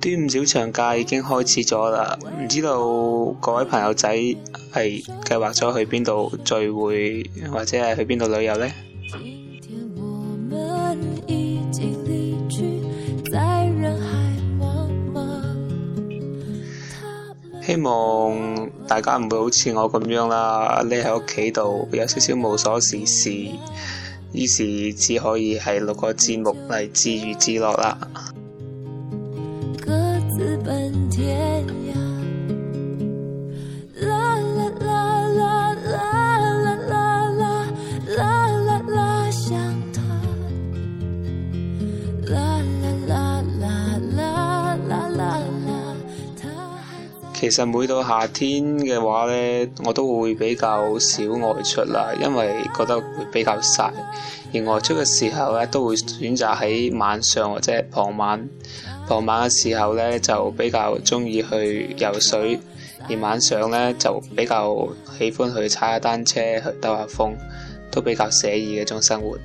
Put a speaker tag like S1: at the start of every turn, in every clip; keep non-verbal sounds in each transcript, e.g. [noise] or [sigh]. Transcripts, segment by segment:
S1: 端午小長假已經開始咗啦，唔知道各位朋友仔係計劃咗去邊度聚會，或者係去邊度旅遊呢？
S2: [music]
S1: 希望大家唔會好似我咁樣啦，匿喺屋企度有少少無所事事，於是只可以係錄個節目嚟自娛自樂啦。其實每到夏天嘅話咧，我都會比較少外出啦，因為覺得會比較曬。而外出嘅時候咧，都會選擇喺晚上或者傍晚、傍晚嘅時候咧，就比較鍾意去游水。而晚上咧，就比較喜歡去踩下單車，去兜下風，都比較寫意嘅一種生活。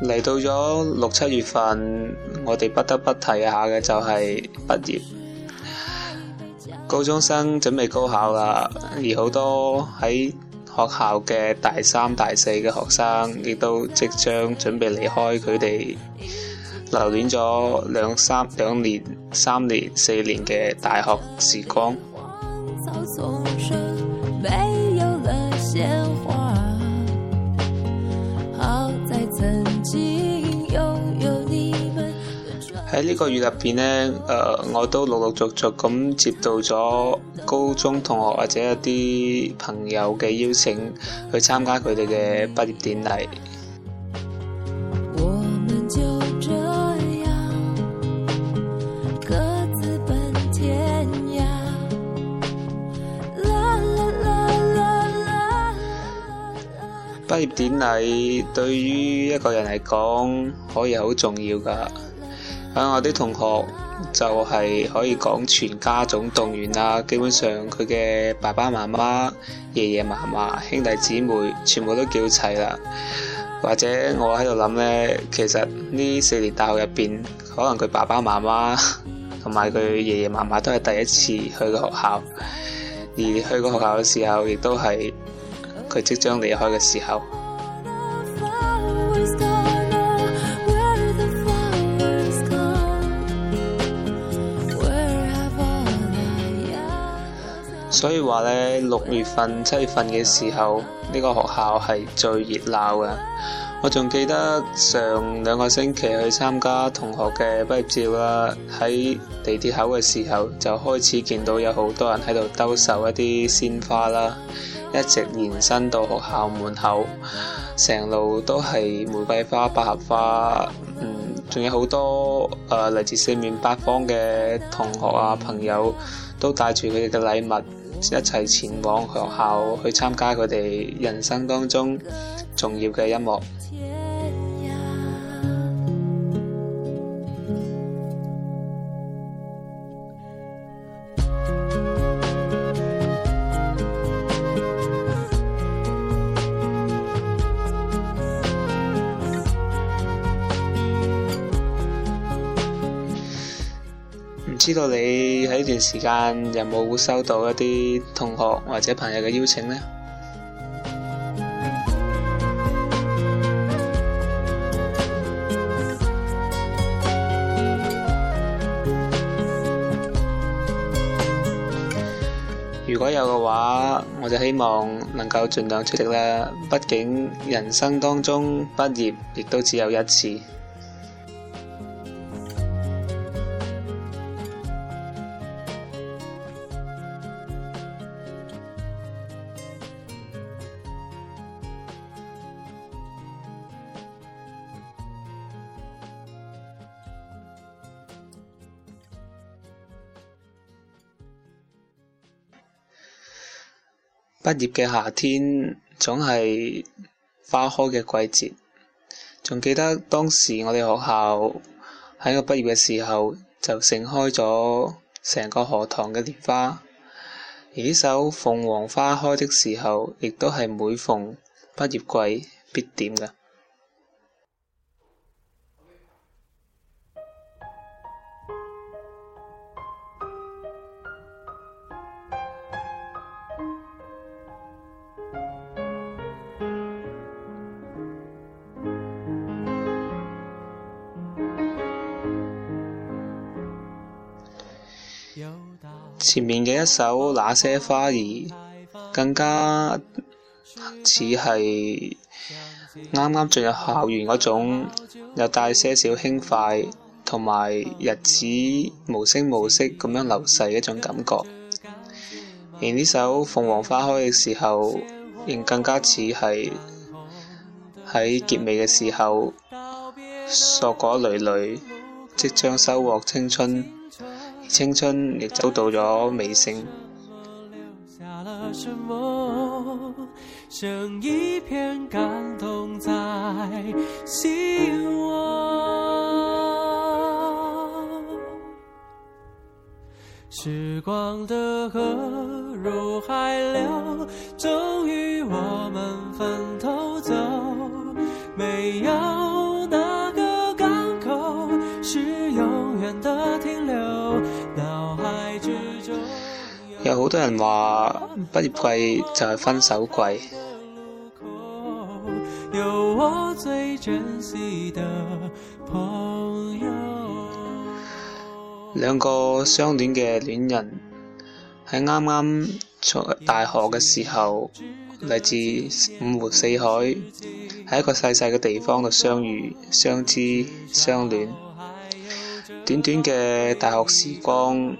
S1: 嚟到咗六七月份，我哋不得不提一下嘅就係畢業，高中生準備高考啦，而好多喺學校嘅大三大四嘅學生，亦都即將準備離開佢哋留戀咗兩三兩年、三年、四年嘅大學時光。喺呢個月入邊咧，誒，我都陸陸續續咁接到咗高中同學或者一啲朋友嘅邀請，去參加佢哋嘅畢業典禮。
S2: 畢業
S1: 典禮對於一個人嚟講，可以好重要㗎。等我啲同學就係可以講全家總動員啦，基本上佢嘅爸爸媽媽、爺爺嫲嫲、兄弟姊妹全部都叫齊啦。或者我喺度諗呢，其實呢四年大學入邊，可能佢爸爸媽媽同埋佢爺爺嫲嫲都係第一次去個學校，而去個學校嘅時候，亦都係佢即將離開嘅時候。所以話咧，六月份七月份嘅時候，呢個學校係最熱鬧嘅。我仲記得上兩個星期去參加同學嘅畢業照啦，喺地鐵口嘅時候就開始見到有好多人喺度兜售一啲鮮花啦，一直延伸到學校門口，成路都係玫瑰花、百合花，嗯，仲有好多誒嚟自四面八方嘅同學啊朋友都帶住佢哋嘅禮物。一齊前往學校，去參加佢哋人生當中重要嘅一幕。知道你喺呢段時間有冇收到一啲同學或者朋友嘅邀請呢？如果有嘅話，我就希望能夠盡量出席啦。畢竟人生當中畢業亦都只有一次。畢業嘅夏天，總係花開嘅季節。仲記得當時我哋學校喺我畢業嘅時候，就盛開咗成個荷塘嘅蓮花。而呢首《鳳凰花開的時候》，亦都係每逢畢業季必點㗎。前面嘅一首《那些花兒》更加似係啱啱進入校園嗰種，又帶些少輕快，同埋日子無聲無息咁樣流逝一種感覺。而呢首《鳳凰花開嘅時候》，仍更加似係喺結尾嘅時候，碩果累累，即將收穫青春。青春也走到咗尾聲，
S3: 剩一片感動在心窩。時光的河入海流，終於我們分頭走，沒有。
S1: 好多人話畢業季就係分手季。兩個相戀嘅戀人喺啱啱出大學嘅時候，嚟自五湖四海，喺一個細細嘅地方度相遇、相知、相戀。短短嘅大學時光。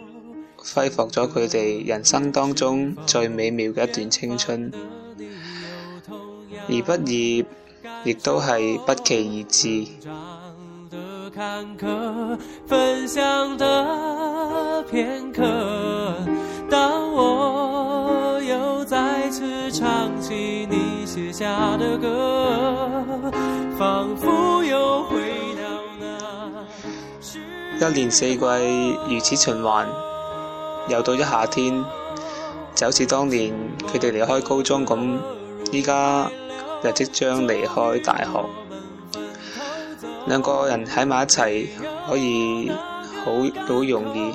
S1: 揮霍咗佢哋人生當中最美妙嘅一段青春，而畢業亦都係不期而至。
S3: [music] 一年四季如此循
S1: 環。又到咗夏天，就好似當年佢哋離開高中咁，依家，又即將離開大學，兩個人喺埋一齊可以好好容易，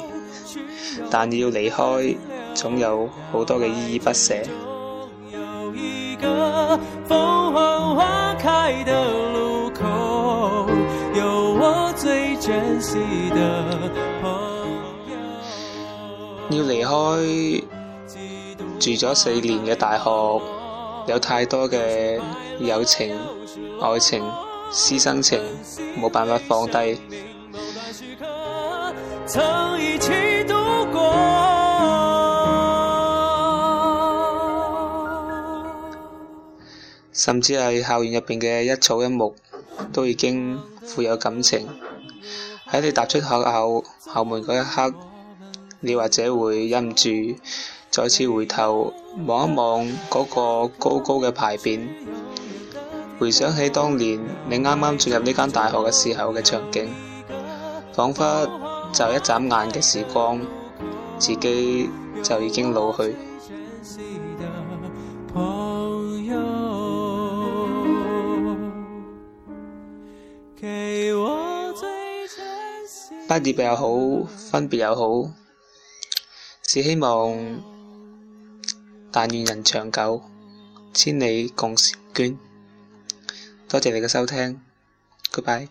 S1: 但要離開總有好多嘅依依不
S3: 捨。 [music]
S1: 要離開住咗四年嘅大學，有太多嘅友情、愛情、師生情，冇辦法放低。甚至係校園入邊嘅一草一木，都已經富有感情。喺你踏出學校校校門嗰一刻，你或者會忍唔住再次回頭望一望嗰個高高嘅牌匾，回想起當年你啱啱進入呢間大學嘅時候嘅場景，彷彿就一眨眼嘅時光，自己就已經老去。
S3: 畢
S1: 業又好，分別又好。只希望，但願人長久，千里共嬋娟。多謝你嘅收聽，Goodbye。